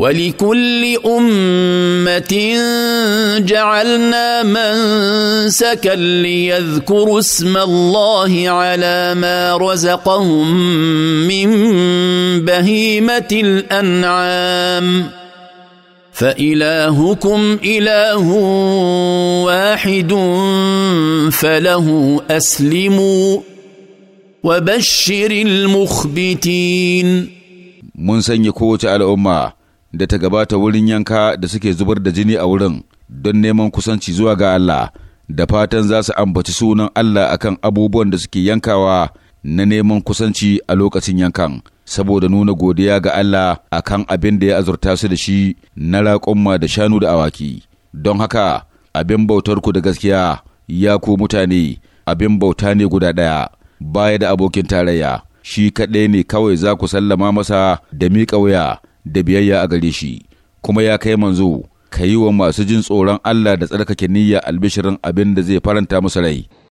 ولكل امه جعلنا منسكا ليذكروا اسم الله على ما رزقهم من بهيمه الانعام فالهكم اله واحد فله اسلموا وبشر المخبتين من على أمه da ta gabata wurin yanka da suke zubar da jini a wurin don neman kusanci zuwa ga Allah da fatan za su ambaci sunan Allah akan abubuwan da suke yankawa na neman kusanci a lokacin yankan saboda nuna godiya ga Allah akan abin da ya azurta su da shi na raƙumma da shanu da awaki don haka abin bautarku da gaskiya ya ku mutane abin bauta ne guda ɗaya baya da abokin tarayya shi kaɗai ne kawai za ku sallama masa da miƙa wuya da biyayya a gare shi kuma ya kai manzo ka yi wa masu jin tsoron Allah da tsarkake niyya albishirin abin da zai faranta musu rai